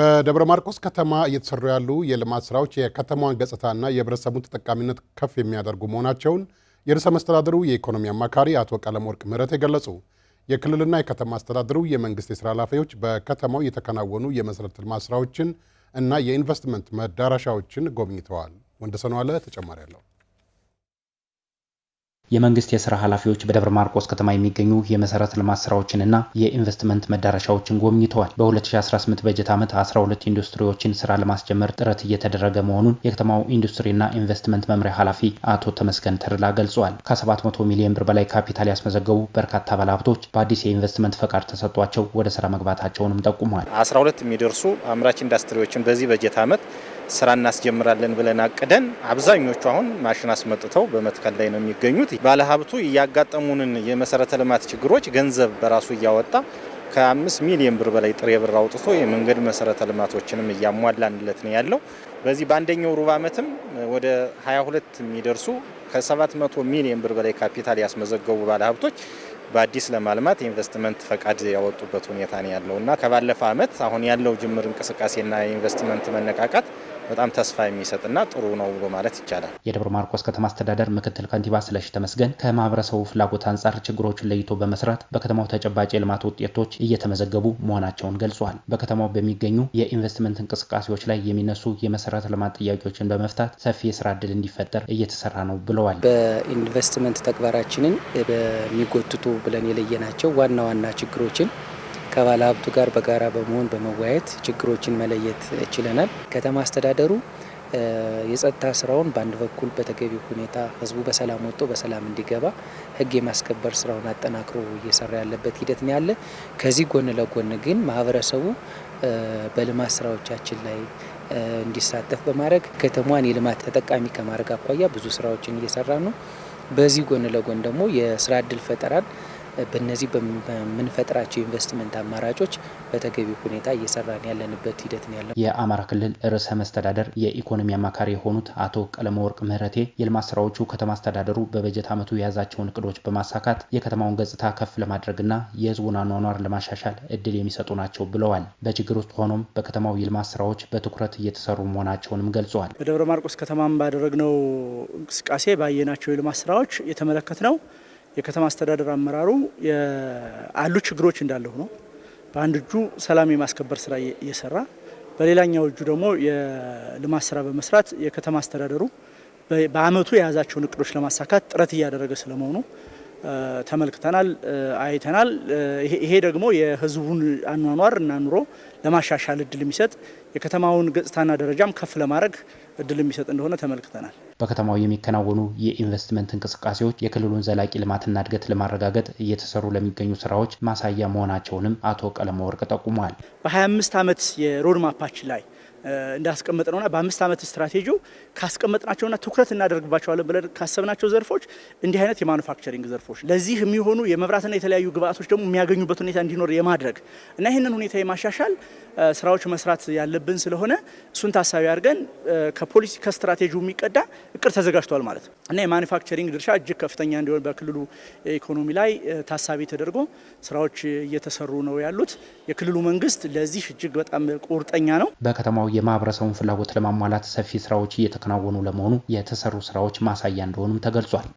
በደብረ ማርቆስ ከተማ እየተሰሩ ያሉ የልማት ስራዎች የከተማዋን ገጽታና የህብረተሰቡን ተጠቃሚነት ከፍ የሚያደርጉ መሆናቸውን የርዕሰ መስተዳድሩ የኢኮኖሚ አማካሪ አቶ ቀለመወርቅ ምህረቴ ገለጹ። የክልልና የከተማ አስተዳደሩ የመንግስት የስራ ኃላፊዎች በከተማው የተከናወኑ የመሰረተ ልማት ስራዎችን እና የኢንቨስትመንት መዳረሻዎችን ጎብኝተዋል። ወንደሰኗ ተጨማሪ አለው። የመንግስት የስራ ኃላፊዎች በደብረ ማርቆስ ከተማ የሚገኙ የመሰረተ ልማት ስራዎችንና የኢንቨስትመንት መዳረሻዎችን ጎብኝተዋል። በ2018 በጀት ዓመት 12 ኢንዱስትሪዎችን ስራ ለማስጀመር ጥረት እየተደረገ መሆኑን የከተማው ኢንዱስትሪና ኢንቨስትመንት መምሪያ ኃላፊ አቶ ተመስገን ተድላ ገልጿል። ከ700 ሚሊዮን ብር በላይ ካፒታል ያስመዘገቡ በርካታ ባለሀብቶች በአዲስ የኢንቨስትመንት ፈቃድ ተሰጥቷቸው ወደ ስራ መግባታቸውንም ጠቁመዋል። 12 የሚደርሱ አምራች ኢንዱስትሪዎችን በዚህ በጀት ዓመት ስራ እናስጀምራለን ብለን አቅደን አብዛኞቹ አሁን ማሽን አስመጥተው በመትከል ላይ ነው የሚገኙት። ባለሀብቱ እያጋጠሙንን የመሰረተ ልማት ችግሮች ገንዘብ በራሱ እያወጣ ከአምስት ሚሊዮን ብር በላይ ጥሬ ብር አውጥቶ የመንገድ መሰረተ ልማቶችንም እያሟላንለት ነው ያለው። በዚህ በአንደኛው ሩብ ዓመትም ወደ 22 የሚደርሱ ከ700 ሚሊዮን ብር በላይ ካፒታል ያስመዘገቡ ባለሀብቶች በአዲስ ለማልማት የኢንቨስትመንት ፈቃድ ያወጡበት ሁኔታ ነው ያለው እና ከባለፈ ዓመት አሁን ያለው ጅምር እንቅስቃሴና የኢንቨስትመንት መነቃቃት በጣም ተስፋ የሚሰጥና ጥሩ ነው ብሎ ማለት ይቻላል። የደብረ ማርቆስ ከተማ አስተዳደር ምክትል ከንቲባ ስለሺ ተመስገን ከማህበረሰቡ ፍላጎት አንጻር ችግሮችን ለይቶ በመስራት በከተማው ተጨባጭ የልማት ውጤቶች እየተመዘገቡ መሆናቸውን ገልጿል። በከተማው በሚገኙ የኢንቨስትመንት እንቅስቃሴዎች ላይ የሚነሱ የመሰረተ ልማት ጥያቄዎችን በመፍታት ሰፊ የስራ እድል እንዲፈጠር እየተሰራ ነው ብለዋል። በኢንቨስትመንት ተግባራችንን በሚጎትቱ ብለን የለየናቸው ዋና ዋና ችግሮችን ከባለ ሀብቱ ጋር በጋራ በመሆን በመወያየት ችግሮችን መለየት ችለናል። ከተማ አስተዳደሩ የጸጥታ ስራውን በአንድ በኩል በተገቢ ሁኔታ ህዝቡ በሰላም ወጥቶ በሰላም እንዲገባ ህግ የማስከበር ስራውን አጠናክሮ እየሰራ ያለበት ሂደት ነው ያለ። ከዚህ ጎን ለጎን ግን ማህበረሰቡ በልማት ስራዎቻችን ላይ እንዲሳተፍ በማድረግ ከተማዋን የልማት ተጠቃሚ ከማድረግ አኳያ ብዙ ስራዎችን እየሰራ ነው። በዚህ ጎን ለጎን ደግሞ የስራ እድል ፈጠራን በነዚህ በምንፈጥራቸው ኢንቨስትመንት አማራጮች በተገቢ ሁኔታ እየሰራን ያለንበት ሂደት ነው ያለው። የአማራ ክልል ርዕሰ መስተዳደር የኢኮኖሚ አማካሪ የሆኑት አቶ ቀለመወርቅ ምህረቴ የልማት ስራዎቹ ከተማ አስተዳደሩ በበጀት ዓመቱ የያዛቸውን እቅዶች በማሳካት የከተማውን ገጽታ ከፍ ለማድረግና የህዝቡን አኗኗር ለማሻሻል እድል የሚሰጡ ናቸው ብለዋል። በችግር ውስጥ ሆኖም በከተማው የልማት ስራዎች በትኩረት እየተሰሩ መሆናቸውንም ገልጸዋል። በደብረ ማርቆስ ከተማም ባደረግነው እንቅስቃሴ ባየናቸው የልማት ስራዎች የተመለከት ነው የከተማ አስተዳደር አመራሩ አሉ ችግሮች እንዳለ ሆኖ በአንድ እጁ ሰላም የማስከበር ስራ እየሰራ በሌላኛው እጁ ደግሞ የልማት ስራ በመስራት የከተማ አስተዳደሩ በአመቱ የያዛቸውን እቅዶች ለማሳካት ጥረት እያደረገ ስለመሆኑ ተመልክተናል፣ አይተናል። ይሄ ደግሞ የህዝቡን አኗኗር እና ኑሮ ለማሻሻል እድል የሚሰጥ የከተማውን ገጽታና ደረጃም ከፍ ለማድረግ እድል የሚሰጥ እንደሆነ ተመልክተናል። በከተማው የሚከናወኑ የኢንቨስትመንት እንቅስቃሴዎች የክልሉን ዘላቂ ልማትና እድገት ለማረጋገጥ እየተሰሩ ለሚገኙ ስራዎች ማሳያ መሆናቸውንም አቶ ቀለመወርቅ ጠቁሟል። በ25 ዓመት የሮድማፓችን ላይ እንዳስቀመጥ ነውና በአምስት ዓመት ስትራቴጂው ካስቀመጥናቸውና ትኩረት እናደርግባቸዋለን ብለን ካሰብናቸው ዘርፎች እንዲህ አይነት የማኑፋክቸሪንግ ዘርፎች ለዚህ የሚሆኑ የመብራትና የተለያዩ ግብአቶች ደግሞ የሚያገኙበት ሁኔታ እንዲኖር የማድረግ እና ይህንን ሁኔታ የማሻሻል ስራዎች መስራት ያለብን ስለሆነ እሱን ታሳቢ አድርገን ከፖሊሲ ከስትራቴጂው የሚቀዳ እቅድ ተዘጋጅቷል ማለት ነው እና የማኑፋክቸሪንግ ድርሻ እጅግ ከፍተኛ እንዲሆን በክልሉ ኢኮኖሚ ላይ ታሳቢ ተደርጎ ስራዎች እየተሰሩ ነው ያሉት። የክልሉ መንግስት ለዚህ እጅግ በጣም ቁርጠኛ ነው። በከተማው የማህበረሰቡን ፍላጎት ለማሟላት ሰፊ ስራዎች እየተከናወኑ ለመሆኑ የተሰሩ ስራዎች ማሳያ እንደሆኑም ተገልጿል።